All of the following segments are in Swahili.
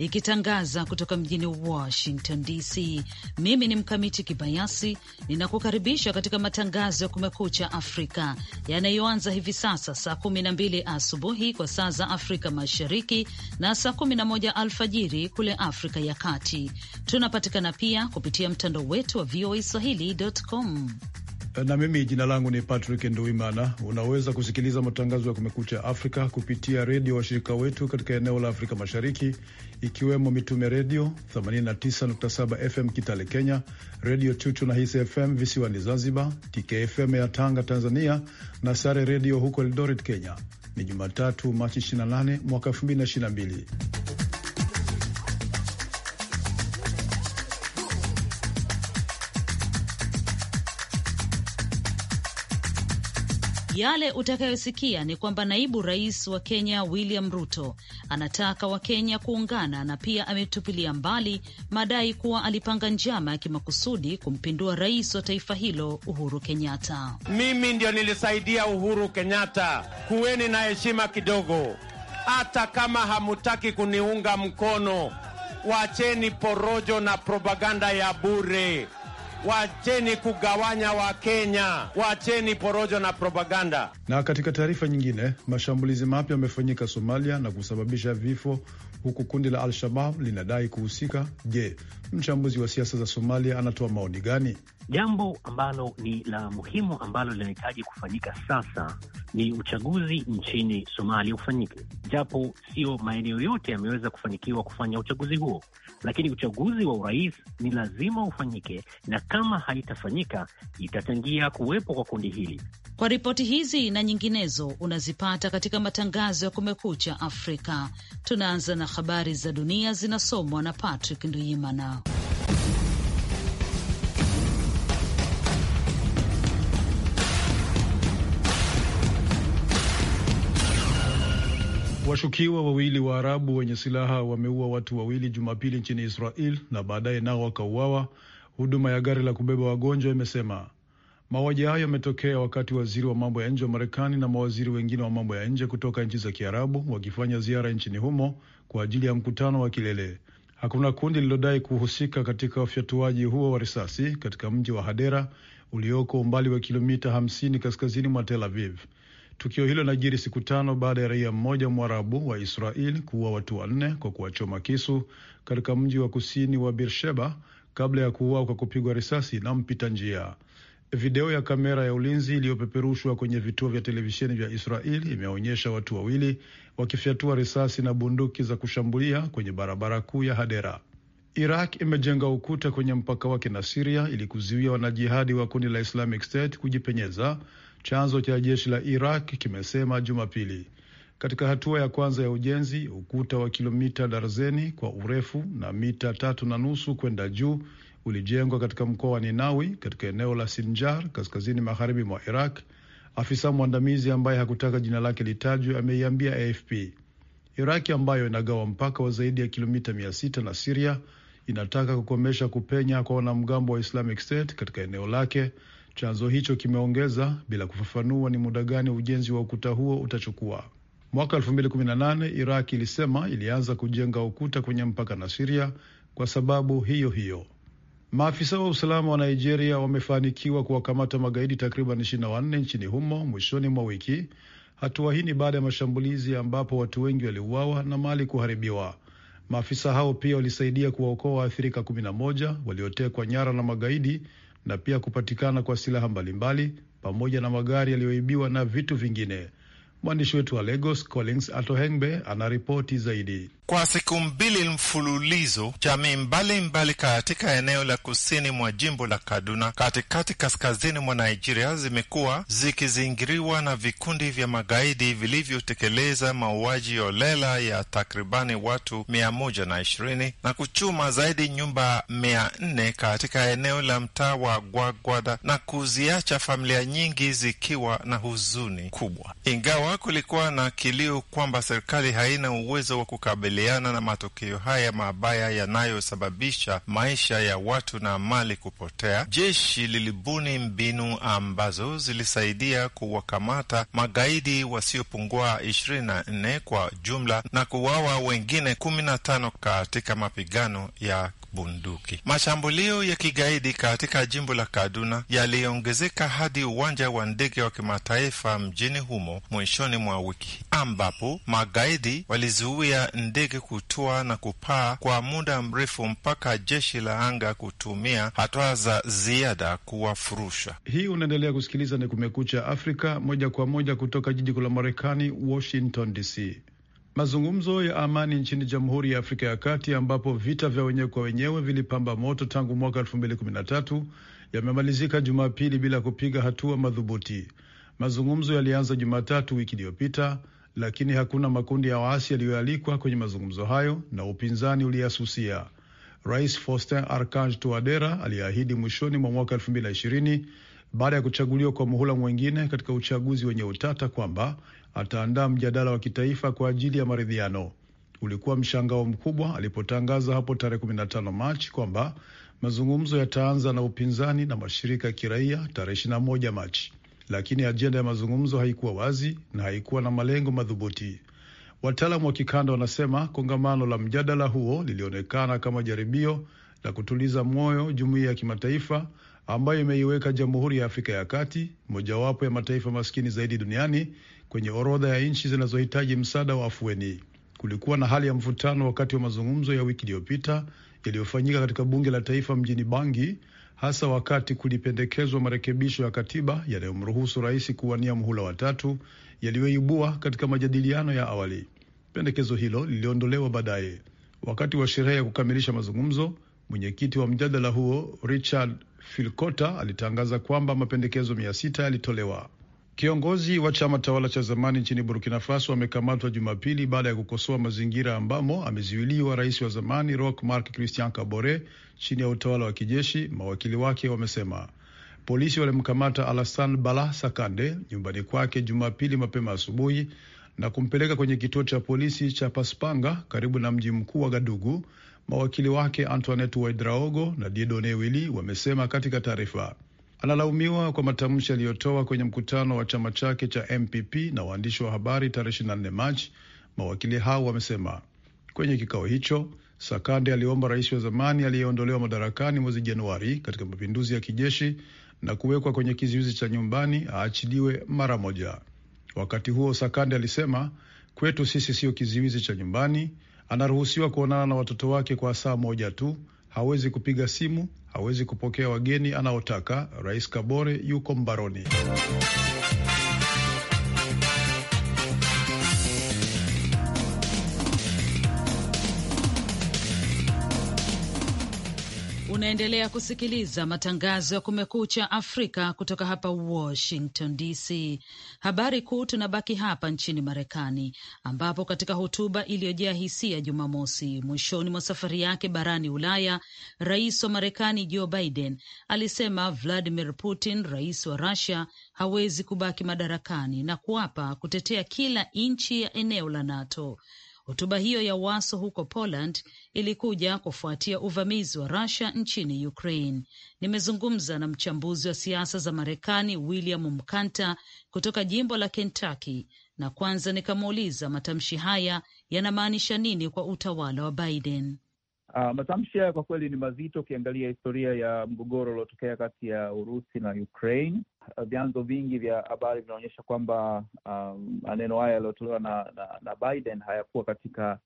ikitangaza kutoka mjini Washington DC. Mimi ni Mkamiti Kibayasi, ninakukaribisha katika matangazo ya Kumekucha Afrika yanayoanza hivi sasa saa mbili asubuhi kwa saa za Afrika Mashariki na saa moja alfajiri kule Afrika ya Kati. Tunapatikana pia kupitia mtandao wetu wa VOA swahili.com. Eh, na mimi jina langu ni Patrick Nduimana. Unaweza kusikiliza matangazo ya Kumekucha Afrika kupitia redio washirika wetu katika eneo la Afrika Mashariki, ikiwemo Mitume Redio 89.7 FM Kitale Kenya, Redio Chuchu na Hisi FM visiwani Zanzibar, TKFM ya Tanga Tanzania na Sare Redio huko Eldoret Kenya. Ni Jumatatu, Machi 28 mwaka 2022. Yale utakayosikia ni kwamba naibu rais wa Kenya William Ruto anataka Wakenya kuungana na pia ametupilia mbali madai kuwa alipanga njama ya kimakusudi kumpindua rais wa taifa hilo Uhuru Kenyatta. Mimi ndio nilisaidia Uhuru Kenyatta, kuweni na heshima kidogo. Hata kama hamutaki kuniunga mkono, wacheni porojo na propaganda ya bure. Wacheni kugawanya Wakenya, wacheni porojo na propaganda. Na katika taarifa nyingine, mashambulizi mapya yamefanyika Somalia na kusababisha vifo, huku kundi la Al-Shabab linadai kuhusika. Je, Mchambuzi wa siasa za Somalia anatoa maoni gani? Jambo ambalo ni la muhimu ambalo linahitaji kufanyika sasa ni uchaguzi nchini Somalia ufanyike, japo sio maeneo yote yameweza kufanikiwa kufanya uchaguzi huo, lakini uchaguzi wa urais ni lazima ufanyike, na kama haitafanyika itachangia kuwepo kwa kundi hili. Kwa ripoti hizi na nyinginezo unazipata katika matangazo ya Kumekucha Afrika. Tunaanza na habari za dunia zinasomwa na Patrick Nduyimana. Washukiwa wawili wa arabu wenye silaha wameua watu wawili Jumapili nchini Israel na baadaye nao wakauawa, huduma ya gari la kubeba wagonjwa imesema. Mauaji hayo yametokea wakati waziri wa mambo ya nje wa Marekani na mawaziri wengine wa mambo ya nje kutoka nchi za Kiarabu wakifanya ziara nchini humo kwa ajili ya mkutano wa kilele. Hakuna kundi lililodai kuhusika katika ufyatuaji huo wa risasi katika mji wa Hadera ulioko umbali wa kilomita 50 kaskazini mwa Tel Aviv. Tukio hilo linajiri siku tano baada ya raia mmoja mwarabu wa Israel kuua watu wanne kwa kuwachoma kisu katika mji wa kusini wa Birsheba kabla ya kuuawa kwa kupigwa risasi na mpita njia. Video ya kamera ya ulinzi iliyopeperushwa kwenye vituo vya televisheni vya Israel imeonyesha watu wawili wakifyatua risasi na bunduki za kushambulia kwenye barabara kuu ya Hadera. Iraq imejenga ukuta kwenye mpaka wake na Siria ili kuzuia wanajihadi wa kundi la Islamic State kujipenyeza, chanzo cha jeshi la Iraq kimesema Jumapili. Katika hatua ya kwanza ya ujenzi, ukuta wa kilomita darzeni kwa urefu na mita tatu na nusu kwenda juu ulijengwa katika mkoa wa Ninawi katika eneo la Sinjar kaskazini magharibi mwa Iraq. Afisa mwandamizi ambaye hakutaka jina lake litajwe ameiambia AFP. Iraki ambayo inagawa mpaka wa zaidi ya kilomita mia sita na Siria inataka kukomesha kupenya kwa wanamgambo wa Islamic State katika eneo lake. Chanzo hicho kimeongeza bila kufafanua ni muda gani ujenzi wa ukuta huo utachukua. Mwaka 2018 Iraki ilisema ilianza kujenga ukuta kwenye mpaka na Siria kwa sababu hiyo hiyo. Maafisa wa usalama wa Nigeria wamefanikiwa kuwakamata magaidi takriban ishirini na wanne nchini humo mwishoni mwa wiki. Hatua hii ni baada ya mashambulizi ambapo watu wengi waliuawa na mali kuharibiwa. Maafisa hao pia walisaidia kuwaokoa waathirika 11 waliotekwa nyara na magaidi na pia kupatikana kwa silaha mbalimbali pamoja na magari yaliyoibiwa na vitu vingine. Mwandishi wetu wa Lagos Collins Atohengbe anaripoti zaidi. Kwa siku mbili mfululizo, jamii mbalimbali katika eneo la kusini mwa jimbo la Kaduna, katikati kaskazini mwa Nigeria, zimekuwa zikizingiriwa na vikundi vya magaidi vilivyotekeleza mauaji holela ya takribani watu 120 na kuchuma zaidi nyumba 400 katika eneo la mtaa wa Gwagwada na kuziacha familia nyingi zikiwa na huzuni kubwa, ingawa kulikuwa na kilio kwamba serikali haina uwezo wa kukabiliana kukabiliana na matokeo haya mabaya yanayosababisha maisha ya watu na mali kupotea, jeshi lilibuni mbinu ambazo zilisaidia kuwakamata magaidi wasiopungua ishirini na nne kwa jumla na kuwawa wengine kumi na tano katika mapigano ya bunduki. Mashambulio ya kigaidi katika jimbo la Kaduna yaliongezeka hadi uwanja wa ndege wa kimataifa mjini humo mwishoni mwa wiki, ambapo magaidi walizuia ndege kutua na kupaa kwa muda mrefu mpaka jeshi la anga kutumia hatua za ziada kuwafurusha. Hii unaendelea kusikiliza ni Kumekucha Afrika, moja kwa moja kutoka jiji kuu la Marekani, Washington DC. Mazungumzo ya amani nchini Jamhuri ya Afrika ya Kati ambapo vita vya wenyewe kwa wenyewe vilipamba moto tangu mwaka 2013 yamemalizika Jumapili bila kupiga hatua madhubuti. Mazungumzo yalianza Jumatatu wiki iliyopita, lakini hakuna makundi ya waasi yaliyoalikwa kwenye mazungumzo hayo na upinzani uliyasusia. Rais Faustin Archange Touadera aliyeahidi mwishoni mwa mwaka 2020 baada ya kuchaguliwa kwa muhula mwingine katika uchaguzi wenye utata kwamba ataandaa mjadala wa kitaifa kwa ajili ya maridhiano. Ulikuwa mshangao mkubwa alipotangaza hapo tarehe 15 Machi kwamba mazungumzo yataanza na upinzani na mashirika ya kiraia tarehe 21 Machi, lakini ajenda ya mazungumzo haikuwa wazi na haikuwa na malengo madhubuti. Wataalamu wa kikanda wanasema kongamano la mjadala huo lilionekana kama jaribio la kutuliza moyo jumuiya ya kimataifa ambayo imeiweka Jamhuri ya Afrika ya Kati, mojawapo ya mataifa maskini zaidi duniani, kwenye orodha ya nchi zinazohitaji msaada wa afueni. Kulikuwa na hali ya mvutano wakati wa mazungumzo ya wiki iliyopita yaliyofanyika katika bunge la taifa mjini Bangi, hasa wakati kulipendekezwa marekebisho ya katiba yanayomruhusu rais kuwania muhula watatu yaliyoibua katika majadiliano ya awali. Pendekezo hilo liliondolewa baadaye. Wakati wa sherehe ya kukamilisha mazungumzo, mwenyekiti wa mjadala huo Richard Filkota alitangaza kwamba mapendekezo mia sita yalitolewa. Kiongozi wa chama tawala cha zamani nchini Burkina Faso amekamatwa Jumapili baada ya kukosoa mazingira ambamo amezuiliwa rais wa zamani Roch Marc Christian Kabore chini ya utawala wa kijeshi, mawakili wake wamesema. Polisi walimkamata Alassane Bala Sakande nyumbani kwake Jumapili mapema asubuhi na kumpeleka kwenye kituo cha polisi cha Paspanga karibu na mji mkuu wa Gadugu. Mawakili wake Antoinette Waidraogo na Diedone Wili wamesema katika taarifa analaumiwa kwa matamshi aliyotoa kwenye mkutano wa chama chake cha MPP na waandishi wa habari tarehe 24 Machi, mawakili hao wamesema. Kwenye kikao hicho, Sakande aliomba rais wa zamani aliyeondolewa madarakani mwezi Januari katika mapinduzi ya kijeshi na kuwekwa kwenye kizuizi cha nyumbani aachiliwe mara moja. Wakati huo, Sakande alisema, kwetu sisi siyo kizuizi cha nyumbani, anaruhusiwa kuonana na watoto wake kwa saa moja tu hawezi kupiga simu, hawezi kupokea wageni anaotaka. Rais Kabore yuko mbaroni. Unaendelea kusikiliza matangazo ya Kumekucha Afrika kutoka hapa Washington DC. Habari kuu, tunabaki hapa nchini Marekani, ambapo katika hotuba iliyojaa hisia Jumamosi mwishoni mwa safari yake barani Ulaya, rais wa Marekani Joe Biden alisema Vladimir Putin, rais wa Rusia, hawezi kubaki madarakani na kuapa kutetea kila nchi ya eneo la NATO. Hotuba hiyo ya Waso huko Poland ilikuja kufuatia uvamizi wa rasia nchini Ukraine. Nimezungumza na mchambuzi wa siasa za Marekani William Mkanta kutoka jimbo la Kentucky, na kwanza nikamuuliza matamshi haya yanamaanisha nini kwa utawala wa Biden. Uh, matamshi haya kwa kweli ni mazito, ukiangalia historia ya mgogoro uliotokea kati ya Urusi na Ukraine Eh, vyanzo vingi vya habari vinaonyesha kwamba um, maneno um, haya yaliyotolewa na, na, na Biden hayakuwa katika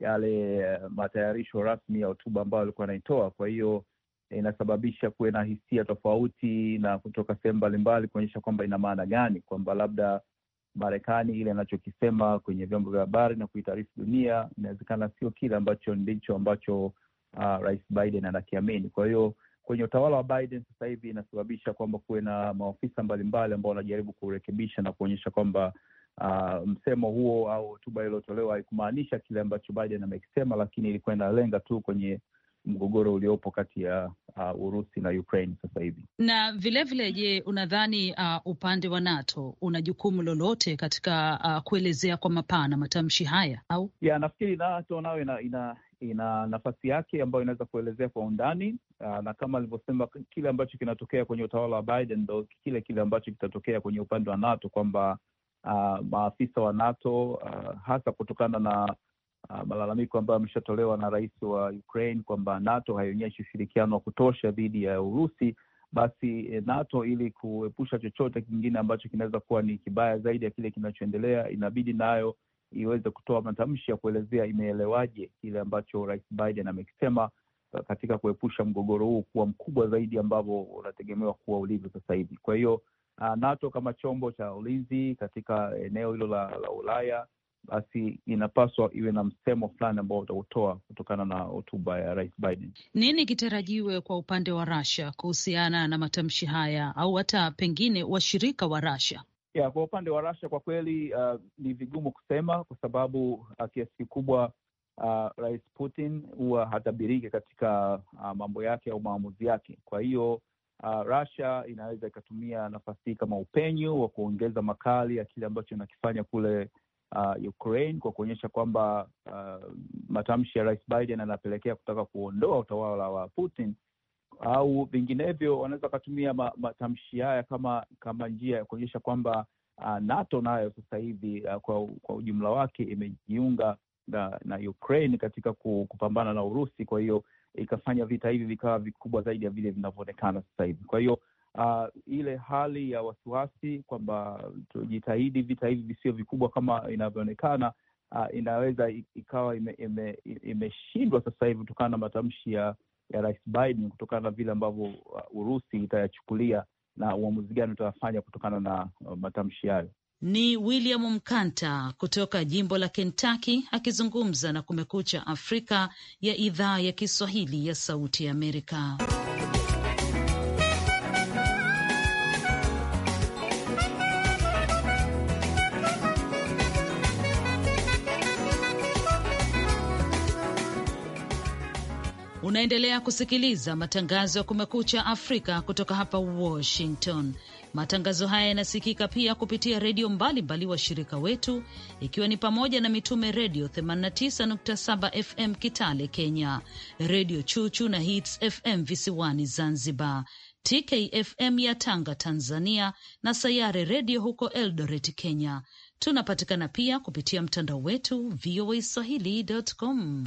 yale eh, matayarisho rasmi ya hotuba ambayo alikuwa anaitoa. Kwa hiyo eh, inasababisha kuwe na hisia tofauti na kutoka sehemu mbalimbali kuonyesha kwamba ina maana gani, kwamba labda Marekani ile anachokisema kwenye vyombo vya habari na kuitaarifu dunia inawezekana sio kile ambacho ndicho ambacho uh, Rais Biden anakiamini. Kwa hiyo kwenye utawala wa Biden sasa hivi inasababisha kwamba kuwe na maofisa mbalimbali ambao wanajaribu kurekebisha na kuonyesha kwamba uh, msemo huo au hotuba iliyotolewa haikumaanisha kile ambacho Biden amekisema, lakini ilikuwa inalenga tu kwenye mgogoro uliopo kati ya uh, Urusi na Ukraine sasa hivi. Na vilevile, je, unadhani uh, upande wa NATO una jukumu lolote katika uh, kuelezea kwa mapana matamshi haya au? Ya, nafikiri NATO nayo ina, ina ina nafasi yake ambayo inaweza kuelezea kwa undani uh, na kama alivyosema, kile ambacho kinatokea kwenye utawala wa Biden ndo kile kile ambacho kitatokea kwenye upande wa NATO kwamba uh, maafisa wa NATO uh, hasa kutokana na uh, malalamiko ambayo ameshatolewa na rais wa Ukraine kwamba NATO haionyeshi ushirikiano wa kutosha dhidi ya Urusi, basi eh, NATO ili kuepusha chochote kingine ambacho kinaweza kuwa ni kibaya zaidi ya kile kinachoendelea, inabidi nayo iweze kutoa matamshi ya kuelezea imeelewaje kile ambacho Rais Biden amekisema eh, katika kuepusha mgogoro huu kuwa mkubwa zaidi ambavyo unategemewa kuwa ulivyo sasa hivi. Kwa hiyo ah, NATO kama chombo cha ulinzi katika eneo hilo la, la Ulaya basi inapaswa iwe na msemo fulani ambao utautoa kutokana na hotuba ya Rais Biden. Nini kitarajiwe kwa upande wa Russia kuhusiana na matamshi haya au hata pengine washirika wa Russia? Yeah, kwa upande wa Russia kwa kweli uh, ni vigumu kusema kwa sababu uh, kiasi kikubwa uh, Rais Putin huwa hatabiriki katika uh, mambo yake au maamuzi yake. Kwa hiyo uh, Russia inaweza ikatumia nafasi hii kama upenyo wa kuongeza makali ya kile ambacho inakifanya kule uh, Ukraine kwa kuonyesha kwamba uh, matamshi ya Rais Biden anapelekea kutaka kuondoa utawala wa Putin au vinginevyo wanaweza wakatumia matamshi haya kama kama njia ya kuonyesha kwamba uh, NATO nayo sasa hivi uh, kwa, kwa ujumla wake imejiunga na, na Ukraine katika kupambana na Urusi, kwa hiyo ikafanya vita hivi vikawa vikubwa zaidi ya vile vinavyoonekana sasa hivi. Kwa hiyo uh, ile hali ya wasiwasi kwamba tujitahidi vita hivi visio vikubwa kama inavyoonekana uh, inaweza ikawa imeshindwa ime, ime sasa hivi kutokana na matamshi ya ya Rais Biden kutokana na vile ambavyo uh, Urusi itayachukulia na uamuzi gani utayafanya kutokana na uh, matamshi hayo. Ni William Mkanta kutoka jimbo la Kentaki akizungumza na Kumekucha Afrika ya idhaa ya Kiswahili ya Sauti ya Amerika. Unaendelea kusikiliza matangazo ya Kumekucha Afrika kutoka hapa Washington. Matangazo haya yanasikika pia kupitia redio mbalimbali wa shirika wetu, ikiwa ni pamoja na Mitume Redio 89.7 FM Kitale Kenya, Redio Chuchu na Hits FM visiwani Zanzibar, TKFM ya Tanga Tanzania, na Sayare Redio huko Eldoret Kenya. Tunapatikana pia kupitia mtandao wetu voa swahilicom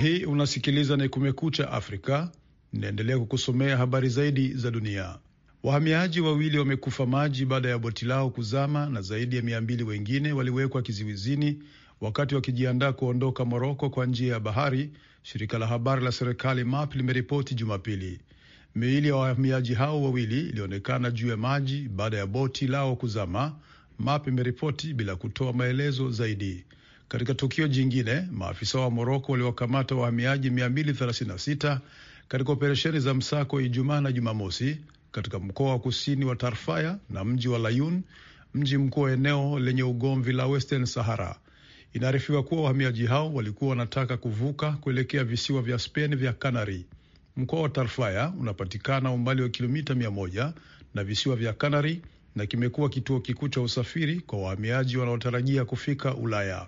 hii unasikiliza ni Kumekucha Afrika. inaendelea kukusomea habari zaidi za dunia. Wahamiaji wawili wamekufa maji baada ya boti lao kuzama na zaidi ya mia mbili wengine waliwekwa kiziwizini wakati wakijiandaa kuondoka Moroko kwa njia ya bahari, shirika la habari la serikali MAP limeripoti Jumapili. Miili ya wahamiaji hao wawili ilionekana juu ya maji baada ya boti lao kuzama, MAP imeripoti bila kutoa maelezo zaidi. Katika tukio jingine, maafisa wa Moroko waliwakamata wahamiaji 236 katika operesheni za msako Ijumaa na Jumamosi katika mkoa wa kusini wa Tarfaya na mji wa Layun, mji mkuu wa eneo lenye ugomvi la Western Sahara. Inaarifiwa kuwa wahamiaji hao walikuwa wanataka kuvuka kuelekea visiwa vya Spain vya Canary. Mkoa wa Tarfaya unapatikana umbali wa kilomita mia moja na visiwa vya Canary na kimekuwa kituo kikuu cha usafiri kwa wahamiaji wanaotarajia kufika Ulaya.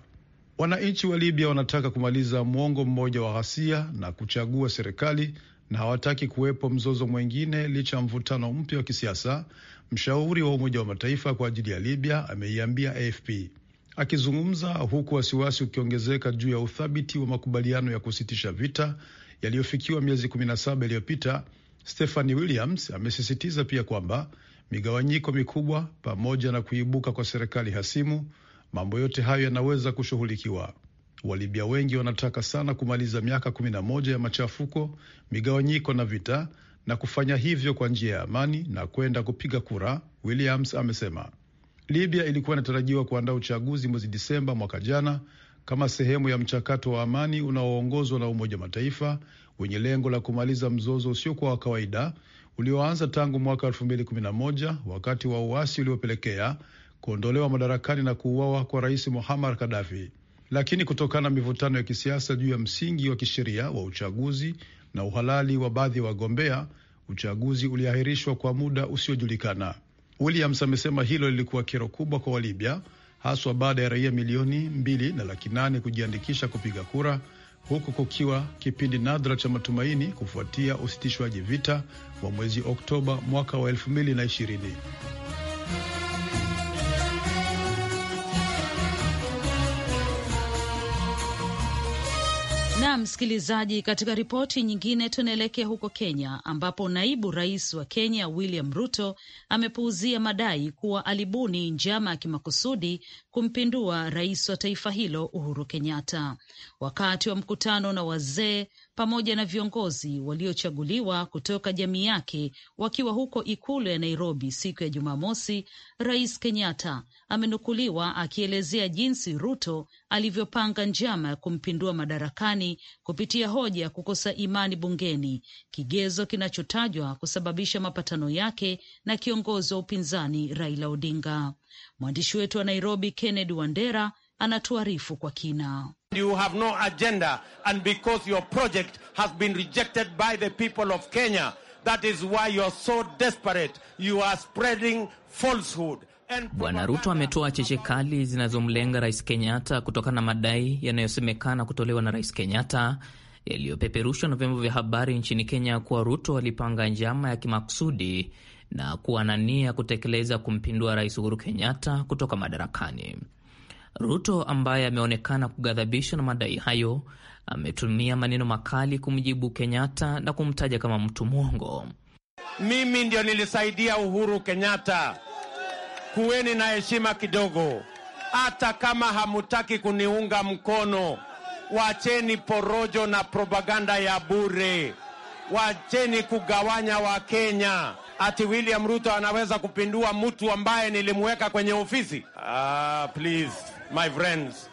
Wananchi wa Libya wanataka kumaliza mwongo mmoja wa ghasia na kuchagua serikali na hawataki kuwepo mzozo mwingine licha ya mvutano mpya wa kisiasa, mshauri wa Umoja wa Mataifa kwa ajili ya Libya ameiambia AFP akizungumza huku wasiwasi ukiongezeka juu ya uthabiti wa makubaliano ya kusitisha vita yaliyofikiwa miezi 17 iliyopita. Stephanie Williams amesisitiza pia kwamba migawanyiko mikubwa pamoja na kuibuka kwa serikali hasimu mambo yote hayo yanaweza kushughulikiwa. walibia wengi wanataka sana kumaliza miaka kumi na moja ya machafuko, migawanyiko na vita, na kufanya hivyo kwa njia ya amani na kwenda kupiga kura, Williams amesema. Libya ilikuwa inatarajiwa kuandaa uchaguzi mwezi Disemba mwaka jana kama sehemu ya mchakato wa amani unaoongozwa na Umoja Mataifa wenye lengo la kumaliza mzozo usiokuwa wa kawaida ulioanza tangu mwaka 2011 wakati wa uasi uliopelekea kuondolewa madarakani na kuuawa kwa rais muhamar kadafi Lakini kutokana na mivutano ya kisiasa juu ya msingi wa kisheria wa uchaguzi na uhalali wa baadhi ya wagombea, uchaguzi uliahirishwa kwa muda usiojulikana. Williams amesema hilo lilikuwa kero kubwa kwa Walibya, haswa baada ya raia milioni mbili na laki nane kujiandikisha kupiga kura, huku kukiwa kipindi nadra cha matumaini kufuatia usitishwaji vita wa mwezi Oktoba mwaka wa elfu mbili na ishirini. msikilizaji, katika ripoti nyingine tunaelekea huko Kenya ambapo naibu rais wa Kenya William Ruto amepuuzia madai kuwa alibuni njama ya kimakusudi kumpindua rais wa taifa hilo Uhuru Kenyatta wakati wa mkutano na wazee pamoja na viongozi waliochaguliwa kutoka jamii yake wakiwa huko ikulu ya Nairobi siku ya Jumamosi. Rais Kenyatta amenukuliwa akielezea jinsi Ruto alivyopanga njama ya kumpindua madarakani kupitia hoja ya kukosa imani bungeni, kigezo kinachotajwa kusababisha mapatano yake na kiongozi wa upinzani Raila Odinga. Mwandishi wetu wa Nairobi Kennedy Wandera anatuarifu kwa kina. You have no agenda and because your project has been rejected by the people of Kenya, that is why are so desperate. You are spreading falsehood. Bwana Ruto ametoa cheche kali zinazomlenga Rais Kenyatta kutokana na madai yanayosemekana kutolewa na Rais Kenyatta yaliyopeperushwa na vyombo vya habari nchini Kenya kuwa Ruto alipanga njama ya kimakusudi na kuwa na nia kutekeleza kumpindua Rais Uhuru Kenyatta kutoka madarakani. Ruto ambaye ameonekana kughadhabishwa na madai hayo ametumia maneno makali kumjibu Kenyatta na kumtaja kama mtu mwongo. Mimi ndio nilisaidia Uhuru Kenyatta, kuweni na heshima kidogo. Hata kama hamutaki kuniunga mkono, wacheni porojo na propaganda ya bure, wacheni kugawanya Wakenya. Ati William Ruto anaweza kupindua mtu ambaye nilimweka kwenye ofisi? Ah, please my friends,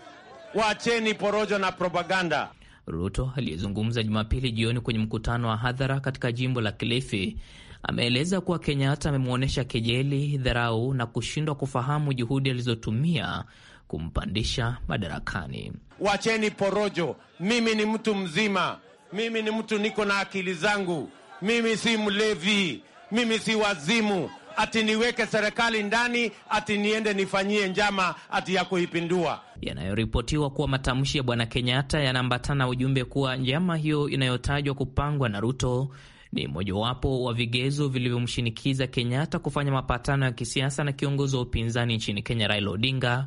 wacheni porojo na propaganda. Ruto aliyezungumza Jumapili jioni kwenye mkutano wa hadhara katika jimbo la Kilifi ameeleza kuwa Kenyatta amemwonyesha kejeli, dharau na kushindwa kufahamu juhudi alizotumia kumpandisha madarakani. Wacheni porojo. Mimi ni mtu mzima, mimi ni mtu niko na akili zangu, mimi si mlevi, mimi si wazimu ati niweke serikali ndani, ati niende nifanyie njama ati ya kuipindua. Yanayoripotiwa kuwa matamshi ya bwana Kenyatta yanaambatana ujumbe kuwa njama hiyo inayotajwa kupangwa na Ruto ni mojawapo wa vigezo vilivyomshinikiza Kenyatta kufanya mapatano ya kisiasa na kiongozi wa upinzani nchini Kenya, Raila Odinga.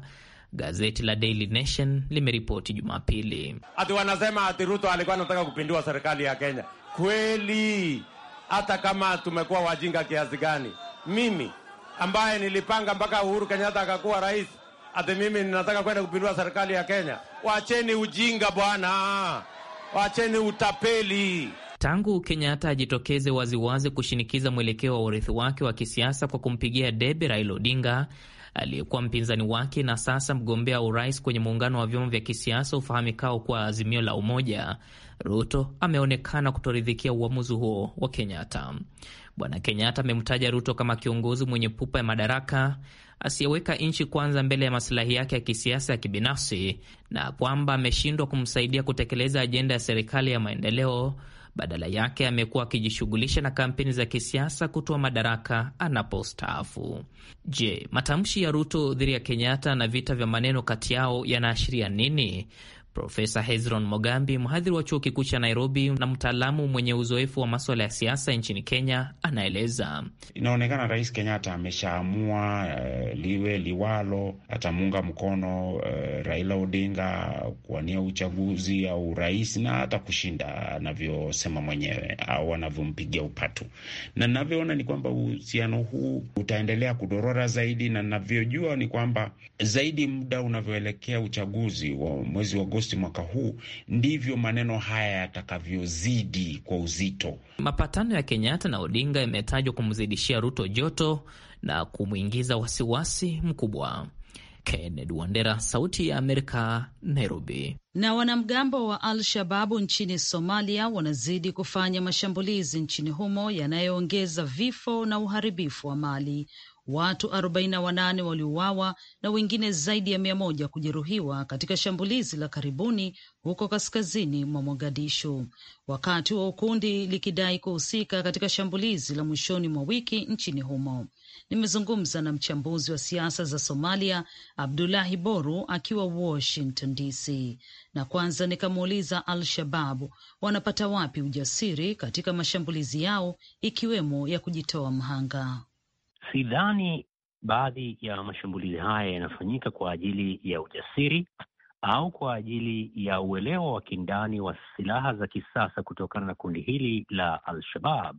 Gazeti la Daily Nation limeripoti Jumapili ati wanasema ati Ruto alikuwa anataka kupindua serikali ya Kenya. Kweli, hata kama tumekuwa wajinga kiasi gani, mimi ambaye nilipanga mpaka Uhuru Kenyatta akakuwa rais, ati mimi ninataka kwenda kupindua serikali ya Kenya. Wacheni ujinga bwana, wacheni utapeli. Tangu Kenyatta ajitokeze waziwazi kushinikiza mwelekeo wa urithi wake wa kisiasa kwa kumpigia debe Raila Odinga aliyekuwa mpinzani wake na sasa mgombea wa urais kwenye muungano wa vyama vya kisiasa ufahamikao kwa Azimio la Umoja, Ruto ameonekana kutoridhikia uamuzi huo wa Kenyatta. Bwana Kenyatta amemtaja Ruto kama kiongozi mwenye pupa ya madaraka asiyeweka nchi kwanza mbele ya masilahi yake ya kisiasa ya kibinafsi, na kwamba ameshindwa kumsaidia kutekeleza ajenda ya serikali ya maendeleo. Badala yake amekuwa akijishughulisha na kampeni za kisiasa kutoa madaraka anapostaafu. Je, matamshi ya Ruto dhidi ya Kenyatta na vita vya maneno kati yao yanaashiria nini? Profesa Hezron Mogambi, mhadhiri wa chuo kikuu cha Nairobi na mtaalamu mwenye uzoefu wa maswala ya siasa nchini Kenya, anaeleza. Inaonekana Rais Kenyatta ameshaamua uh, liwe liwalo, atamuunga mkono uh, Raila Odinga kuwania uchaguzi au rais na hata kushinda, anavyosema mwenyewe au anavyompigia upatu, na navyoona ni kwamba uhusiano huu utaendelea kudorora zaidi, na navyojua ni kwamba zaidi muda unavyoelekea uchaguzi wa mwezi wa Agosti Agosti mwaka huu, ndivyo maneno haya yatakavyozidi kwa uzito. Mapatano ya Kenyatta na Odinga yametajwa kumzidishia Ruto joto na kumwingiza wasiwasi mkubwa. Kennedy Wandera, Sauti ya Amerika, Nairobi. Na wanamgambo wa Al-Shababu nchini Somalia wanazidi kufanya mashambulizi nchini humo yanayoongeza vifo na uharibifu wa mali. Watu 48 waliuawa na wengine zaidi ya mia moja kujeruhiwa katika shambulizi la karibuni huko kaskazini mwa Mogadishu, wakati wa ukundi likidai kuhusika katika shambulizi la mwishoni mwa wiki nchini humo. Nimezungumza na mchambuzi wa siasa za Somalia Abdulahi Boru akiwa Washington DC, na kwanza nikamuuliza Al-Shababu wanapata wapi ujasiri katika mashambulizi yao ikiwemo ya kujitoa mhanga sidhani baadhi ya mashambulizi haya yanafanyika kwa ajili ya ujasiri au kwa ajili ya uelewa wa kindani wa silaha za kisasa kutokana na kundi hili la Al-Shabab,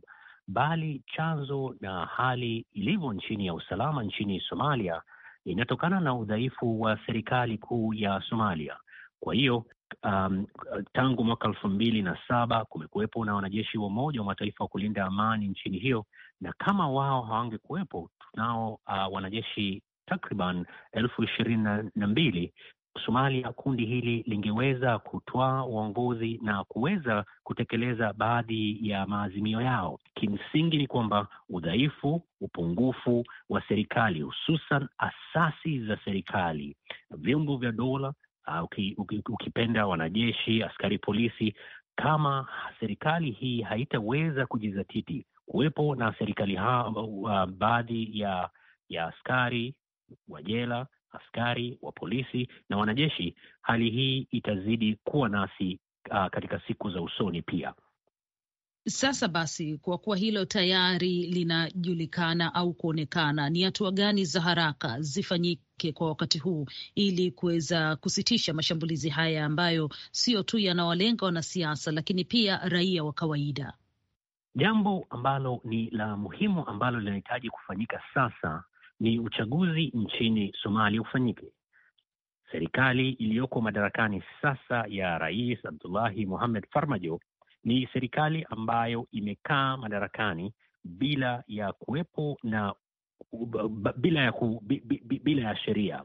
bali chanzo na hali ilivyo nchini ya usalama nchini Somalia inatokana na udhaifu wa serikali kuu ya Somalia. Kwa hiyo um, tangu mwaka elfu mbili na saba kumekuwepo na wanajeshi wa Umoja wa Mataifa wa kulinda amani nchini hiyo, na kama wao hawangekuwepo, tunao uh, wanajeshi takriban elfu ishirini na mbili Somalia, kundi hili lingeweza kutoa uongozi na kuweza kutekeleza baadhi ya maazimio yao. Kimsingi ni kwamba udhaifu, upungufu wa serikali, hususan asasi za serikali, vyombo vya dola uh, uki, uki, ukipenda wanajeshi, askari polisi. Kama serikali hii haitaweza kujizatiti kuwepo na serikali ha, uh, baadhi ya ya askari wa jela, askari wa polisi na wanajeshi, hali hii itazidi kuwa nasi uh, katika siku za usoni pia. Sasa basi, kwa kuwa hilo tayari linajulikana au kuonekana, ni hatua gani za haraka zifanyike kwa wakati huu ili kuweza kusitisha mashambulizi haya ambayo sio tu yanawalenga wanasiasa, lakini pia raia wa kawaida? Jambo ambalo ni la muhimu ambalo linahitaji kufanyika sasa ni uchaguzi nchini Somalia ufanyike. Serikali iliyoko madarakani sasa ya Rais Abdullahi Mohamed Farmajo ni serikali ambayo imekaa madarakani bila ya kuwepo na bila ya, ku, bila ya sheria.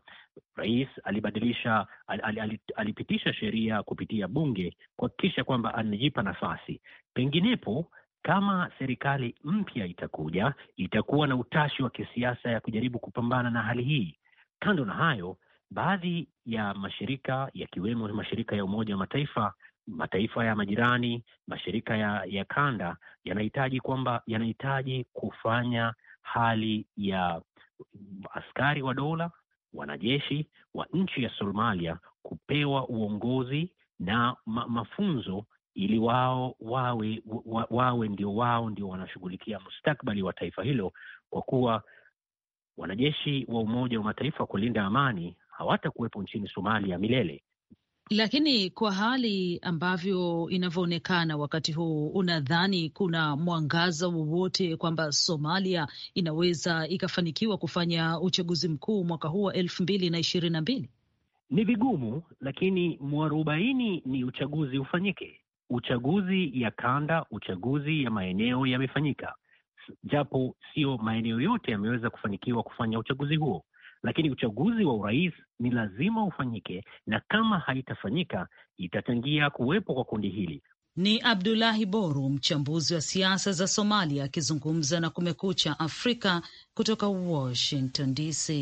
Rais alibadilisha al, al, al, alipitisha sheria kupitia bunge kuhakikisha kwamba anajipa nafasi. Penginepo kama serikali mpya itakuja, itakuwa na utashi wa kisiasa ya kujaribu kupambana na hali hii. Kando na hayo, baadhi ya mashirika yakiwemo mashirika ya Umoja wa Mataifa mataifa ya majirani, mashirika ya, ya kanda yanahitaji kwamba yanahitaji kufanya hali ya askari wa dola, wanajeshi wa nchi ya Somalia kupewa uongozi na ma mafunzo ili wao wawe wawe ndio wao ndio wanashughulikia mustakbali wa taifa hilo, kwa kuwa wanajeshi wa Umoja wa Mataifa kulinda amani hawatakuwepo nchini Somalia milele. Lakini kwa hali ambavyo inavyoonekana wakati huu, unadhani kuna mwangaza wowote kwamba Somalia inaweza ikafanikiwa kufanya uchaguzi mkuu mwaka huu wa elfu mbili na ishirini na mbili? Ni vigumu, lakini mwarobaini ni uchaguzi ufanyike. Uchaguzi ya kanda, uchaguzi ya maeneo yamefanyika, japo sio maeneo yote yameweza kufanikiwa kufanya uchaguzi huo lakini uchaguzi wa urais ni lazima ufanyike, na kama haitafanyika itachangia kuwepo kwa kundi hili. Ni Abdulahi Boru, mchambuzi wa siasa za Somalia, akizungumza na Kumekucha Afrika kutoka Washington DC.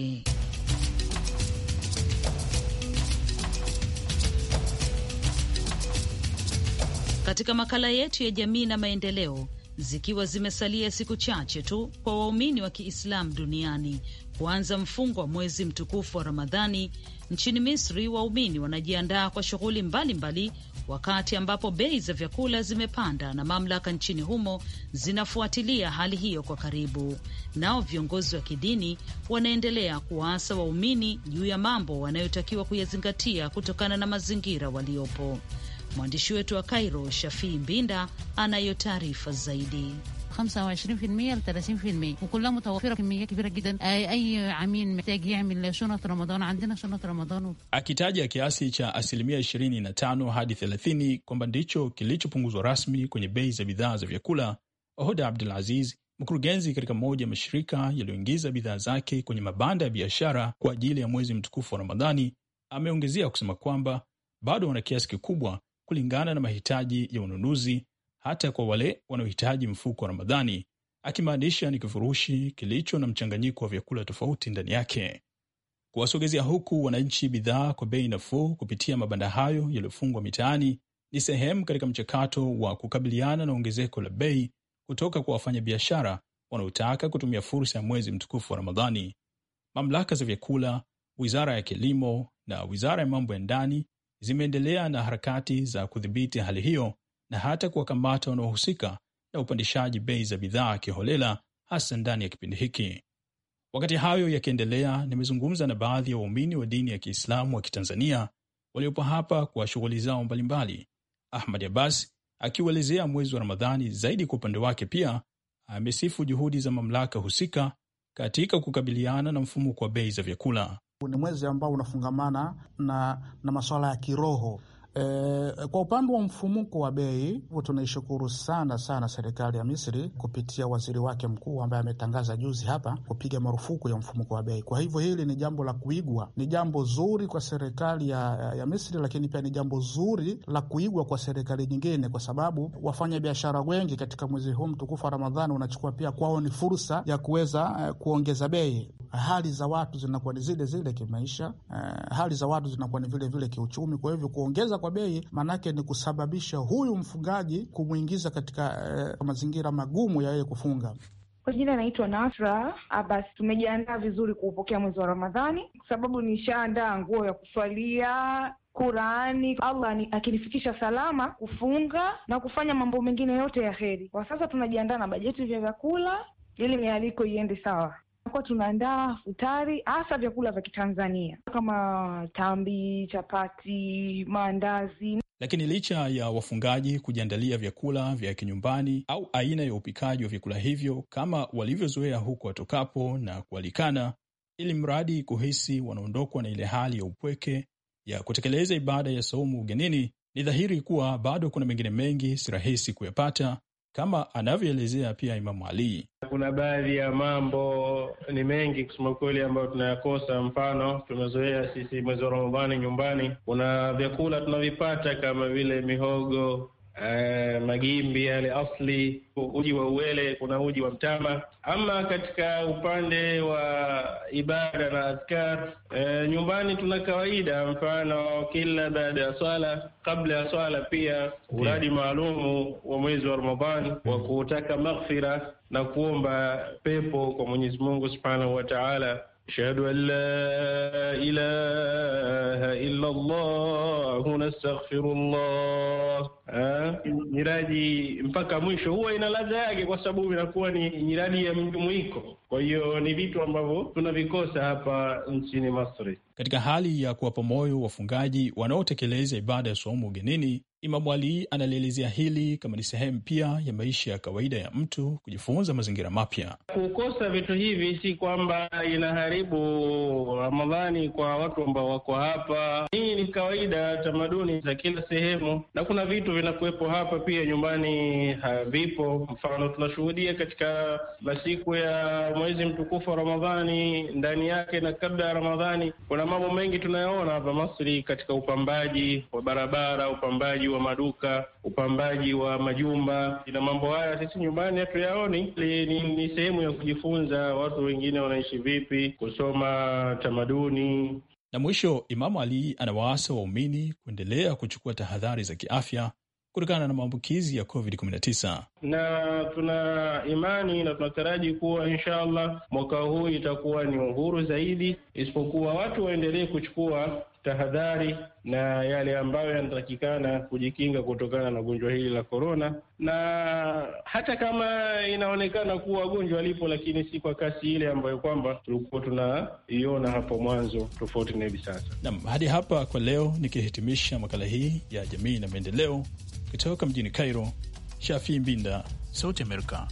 Katika makala yetu ya jamii na maendeleo, zikiwa zimesalia siku chache tu kwa waumini wa Kiislamu duniani kuanza mfungo wa mwezi mtukufu wa Ramadhani nchini Misri, waumini wanajiandaa kwa shughuli mbalimbali, wakati ambapo bei za vyakula zimepanda na mamlaka nchini humo zinafuatilia hali hiyo kwa karibu. Nao viongozi wa kidini wanaendelea kuwaasa waumini juu ya mambo wanayotakiwa kuyazingatia kutokana na mazingira waliopo. Mwandishi wetu wa Kairo, Shafii Mbinda, anayo taarifa zaidi. 25% ل 30% وكلها متوفره كميه كبيره جدا اي, عميل محتاج يعمل شنط رمضان عندنا شنط رمضان akitaja kiasi cha asilimia 25 hadi 30 kwamba ndicho kilichopunguzwa rasmi kwenye bei za bidhaa za vyakula. Ohoda Abdul Aziz, mkurugenzi katika moja ya mashirika yaliyoingiza bidhaa zake kwenye mabanda ya biashara kwa ajili ya mwezi mtukufu wa Ramadhani, ameongezea kusema kwamba bado wana kiasi kikubwa kulingana na mahitaji ya ununuzi hata kwa wale wanaohitaji mfuko wa Ramadhani, akimaanisha ni kifurushi kilicho na mchanganyiko wa vyakula tofauti ndani yake, kuwasogezea huku wananchi bidhaa kwa bei nafuu kupitia mabanda hayo yaliyofungwa mitaani ni sehemu katika mchakato wa kukabiliana na ongezeko la bei kutoka kwa wafanyabiashara wanaotaka kutumia fursa ya mwezi mtukufu wa Ramadhani. Mamlaka za vyakula, wizara ya kilimo na wizara ya mambo ya ndani zimeendelea na harakati za kudhibiti hali hiyo na hata kuwakamata wanaohusika na upandishaji bei za bidhaa kiholela, hasa ndani ya kipindi hiki. Wakati hayo yakiendelea, nimezungumza na baadhi ya waumini wa dini ya Kiislamu wa Kitanzania waliopo hapa kwa shughuli zao mbalimbali. Ahmad Abbas akiwaelezea mwezi wa Ramadhani zaidi kwa upande wake, pia amesifu juhudi za mamlaka husika katika kukabiliana na mfumuko wa bei za vyakula. Ni mwezi ambao unafungamana na, na masuala ya kiroho E, kwa upande wa mfumuko wa bei tunaishukuru sana sana serikali ya Misri kupitia waziri wake mkuu ambaye ametangaza juzi hapa kupiga marufuku ya mfumuko wa bei. Kwa hivyo hili ni jambo la kuigwa, ni jambo zuri kwa serikali ya, ya Misri, lakini pia ni jambo zuri la kuigwa kwa serikali nyingine, kwa sababu wafanya biashara wengi katika mwezi huu mtukufu wa Ramadhani wanachukua pia kwao ni fursa ya kuweza eh, kuongeza bei hali za watu zinakuwa ni zile zile kimaisha, eh, hali za watu zinakuwa ni vile vile kiuchumi. Kwa hivyo kuongeza kwa bei maanake ni kusababisha huyu mfugaji kumwingiza katika eh, mazingira magumu ya yeye kufunga. Kwa jina naitwa Nasra Abbas. Tumejiandaa vizuri kuupokea mwezi wa Ramadhani kwa sababu nishaandaa nguo ya kuswalia Kurani. Allah ni akinifikisha salama kufunga na kufanya mambo mengine yote ya heri. Kwa sasa tunajiandaa na bajeti vya vyakula ili mialiko iende sawa tunakuwa tunaandaa futari hasa vyakula vya Kitanzania kama tambi, chapati, maandazi. Lakini licha ya wafungaji kujiandalia vyakula vya kinyumbani au aina ya upikaji wa vyakula hivyo kama walivyozoea huko watokapo na kualikana, ili mradi kuhisi wanaondokwa na ile hali ya upweke ya kutekeleza ibada ya saumu ugenini, ni dhahiri kuwa bado kuna mengine mengi si rahisi kuyapata kama anavyoelezea pia Imamu Ali. Kuna baadhi ya mambo ni mengi kusema kweli, ambayo tunayakosa. Mfano, tumezoea sisi mwezi wa Ramadhani nyumbani, kuna vyakula tunavipata kama vile mihogo Eh, magimbi yale asli, uji wa uwele, kuna uji wa mtama. Ama katika upande wa ibada na adhkar, e, eh, nyumbani tuna kawaida, mfano kila baada ya swala, kabla ya swala pia uradi maalumu wa mwezi wa Ramadhani wa kutaka maghfira na kuomba pepo kwa Mwenyezi Mungu Subhanahu wa Ta'ala. Ashhadu an la ilaha illa Allah nastaghfirullah Eh, miradi mpaka mwisho huwa ina ladha yake, kwa sababu inakuwa ni nyiradi ya mjumuiko. Kwa hiyo ni vitu ambavyo tunavikosa hapa nchini Masri. Katika hali ya kuwapa moyo wafungaji wanaotekeleza ibada ya swaumu ugenini, Imamu Ali analielezea hili kama ni sehemu pia ya maisha ya kawaida ya mtu kujifunza mazingira mapya. Kukosa vitu hivi si kwamba inaharibu Ramadhani kwa watu ambao wako hapa. Hii ni kawaida, tamaduni za kila sehemu, na kuna vitu vinakuwepo hapa pia nyumbani havipo. Mfano, tunashuhudia katika masiku ya mwezi mtukufu wa Ramadhani, ndani yake na kabla ya Ramadhani, kuna mambo mengi tunayoona hapa Masri katika upambaji wa barabara, upambaji wa maduka, upambaji wa majumba. Na mambo haya sisi nyumbani hatuyaoni. Ni, ni sehemu ya kujifunza watu wengine wanaishi vipi, kusoma tamaduni na mwisho, Imamu Ali anawaasa waumini kuendelea kuchukua tahadhari za kiafya kutokana na maambukizi ya COVID-19 na tuna imani na tunataraji kuwa insha allah mwaka huu itakuwa ni uhuru zaidi, isipokuwa watu waendelee kuchukua tahadhari na yale ambayo yanatakikana kujikinga kutokana na gonjwa hili la korona. Na hata kama inaonekana kuwa gonjwa lipo, lakini si kwa kasi ile ambayo kwamba tulikuwa tunaiona hapo mwanzo, tofauti na hivi sasa. Naam, hadi hapa kwa leo nikihitimisha makala hii ya jamii na maendeleo. Kutoka mjini Cairo, Shafi Mbinda, Sauti Amerika.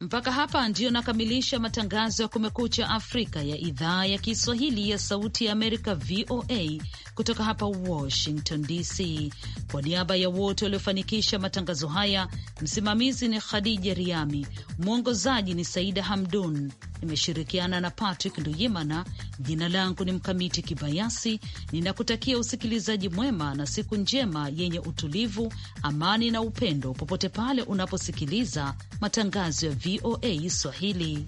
Mpaka hapa ndiyo nakamilisha matangazo ya Kumekucha Afrika ya idhaa ya Kiswahili ya Sauti ya Amerika, VOA kutoka hapa Washington DC. Kwa niaba ya wote waliofanikisha matangazo haya, msimamizi ni Khadija Riami, mwongozaji ni Saida Hamdun. Nimeshirikiana na Patrick Nduyimana. Jina langu ni Mkamiti Kibayasi, ninakutakia usikilizaji mwema na siku njema yenye utulivu, amani na upendo, popote pale unaposikiliza matangazo ya VOA Swahili.